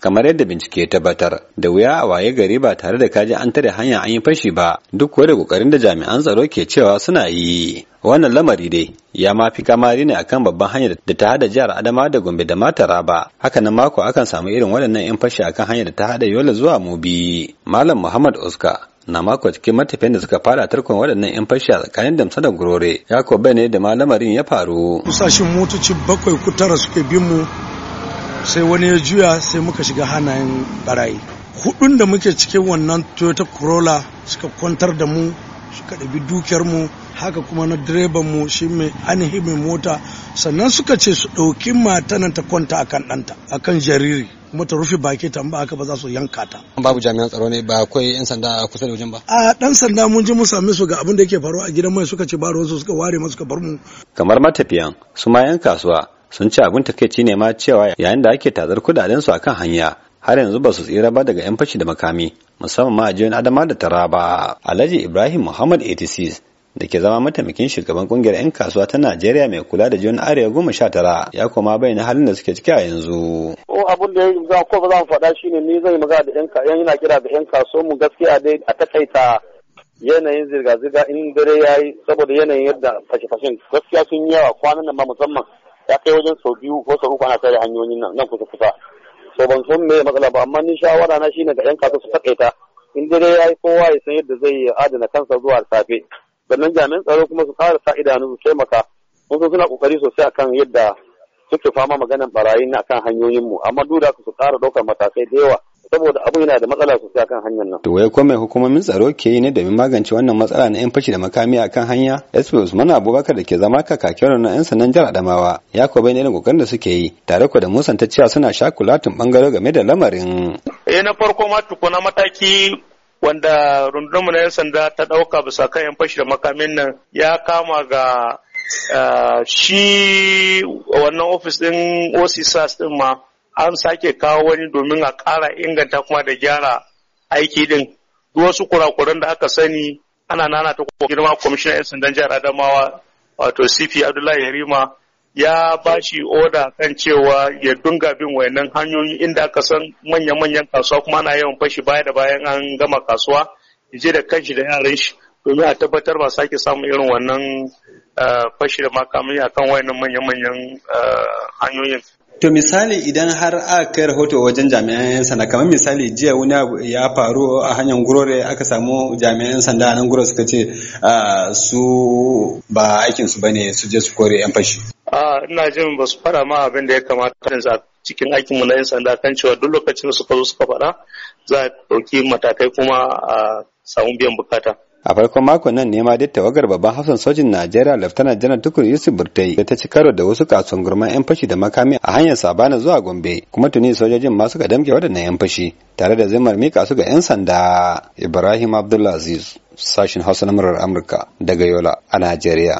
kamar yadda bincike ya tabbatar da wuya a waye gari ba tare da kaji an tare hanya an yi fashi ba duk kuwa da kokarin da jami'an tsaro ke cewa suna yi wannan lamari dai ya ma fi kamari ne akan babban hanyar da ta hada jihar adama da gombe da matara ba haka nan mako akan samu irin waɗannan yan fashi akan hanyar da ta hada yola zuwa mobi malam muhammad oska na mako cikin matafiyan da suka fara tarkon waɗannan 'yan fashi a tsakanin damsa da gurore ya ko ne da ma lamarin ya faru. Kusashen motoci bakwai ku tara suke bin mu sai wani ya juya sai muka shiga hannayen barayi hudun da muke cikin wannan toyota corolla suka kwantar da mu suka ɗabi dukiyar mu haka kuma na direban mu shi mai ainihi mai mota sannan suka ce su ɗauki mata nan ta kwanta a kan ɗanta a kan jariri kuma ta rufe baki ta ba haka ba za su yanka ta. Babu jami'an tsaro ne ba akwai 'yan sanda a kusa da wajen ba. A ɗan sanda mun ji mu same su ga abin da yake faruwa a gidan mai suka ce ba ruwansu suka ware masu suka bar mu. Kamar matafiyan su ma 'yan kasuwa sun ce abin takaici ne ma cewa yayin da ake tazar kudaden su akan hanya har yanzu ba su tsira ba daga 'yan fashi da makami musamman ma a adama da Tara ba. alhaji ibrahim muhammad 86 da ke zama mataimakin shugaban kungiyar 'yan kasuwa ta najeriya mai kula da jiyon arewa goma sha tara ya koma bayyana halin da suke ciki a yanzu ko abin da ya ko ba za mu faɗa shi ne ni zan yi magana da 'yan kasuwa yana kira da 'yan kasuwa mu gaskiya dai a takaita yanayin zirga-zirga in dare ya yi saboda yanayin yadda fashe-fashen gaskiya sun yi yawa kwanan nan ba musamman ya kai wajen sau biyu ko sau uku ana sai da hanyoyin nan nan kusa kusa so ban san me matsala ba amma ni shawara na shine ga yan kasuwa su takaita in dai yi kowa ya san yadda zai adana kansa zuwa safe sannan jami'an tsaro kuma su fara sa idanu su taimaka mun so suna kokari sosai akan yadda suke fama maganan barayin na kan hanyoyin mu amma duk da su kara ɗaukar matakai da yawa saboda abu yana da matsala sosai kan hanyar nan. To wai ko mai hukumomin tsaro ke yi ne domin magance wannan matsala na yan fashi da makami a kan hanya? SP mana Abubakar da ke zama kakakiyar na yan sannan jihar Adamawa ya kuwa bayyana irin kokarin da suke yi tare ko da ta cewa suna sha shakulatin bangare game da lamarin. Eh na farko ma tukuna mataki wanda rundunmu na yan sanda ta ɗauka bisa kan yan fashi da makamin nan ya kama ga eh, shi wannan ofis din OCSAS din ma an sake kawo wani domin a ƙara inganta kuma da gyara aiki din duk wasu kurakuran da aka sani ana nana ta girma kwamishinan 'yan sandan jihar adamawa wato cp abdullahi yarima ya ba shi oda kan cewa ya dunga bin wayannan hanyoyi inda aka san manya-manyan kasuwa kuma ana yawan fashi baya da bayan an gama kasuwa je da kanshi da yaran shi domin a tabbatar ba sake samun irin wannan eh, fashi da makamai akan wayannan manya-manyan eh, hanyoyin to misali idan har aka kai rahoto wajen jami'an 'yan sanda kamar misali jiya wani ya faru a hanyar gurore aka samu jami'an 'yan sanda a nan gurore suka ce ah, su ba aikin su bane su je su kore 'yan fashi a ah, ina jin ba su fara ma abin da ya kamata a cikin aikin mu na 'yan sanda kan cewa duk lokacin da suka zo suka fara za a ɗauki matakai kuma a samu biyan bukata a farkon makon nan ne ma dai tawagar babban hafsan sojin najeriya laftanar janar tukur yusuf burtai da ta ci karo da wasu kasuwan gurman yan fashi da makami a hanyar sabana zuwa gombe kuma tuni sojojin ma suka damke waɗannan yan fashi tare da zimar mika su ga yan sanda ibrahim abdulaziz sashin hausa na murar amurka daga yola a najeriya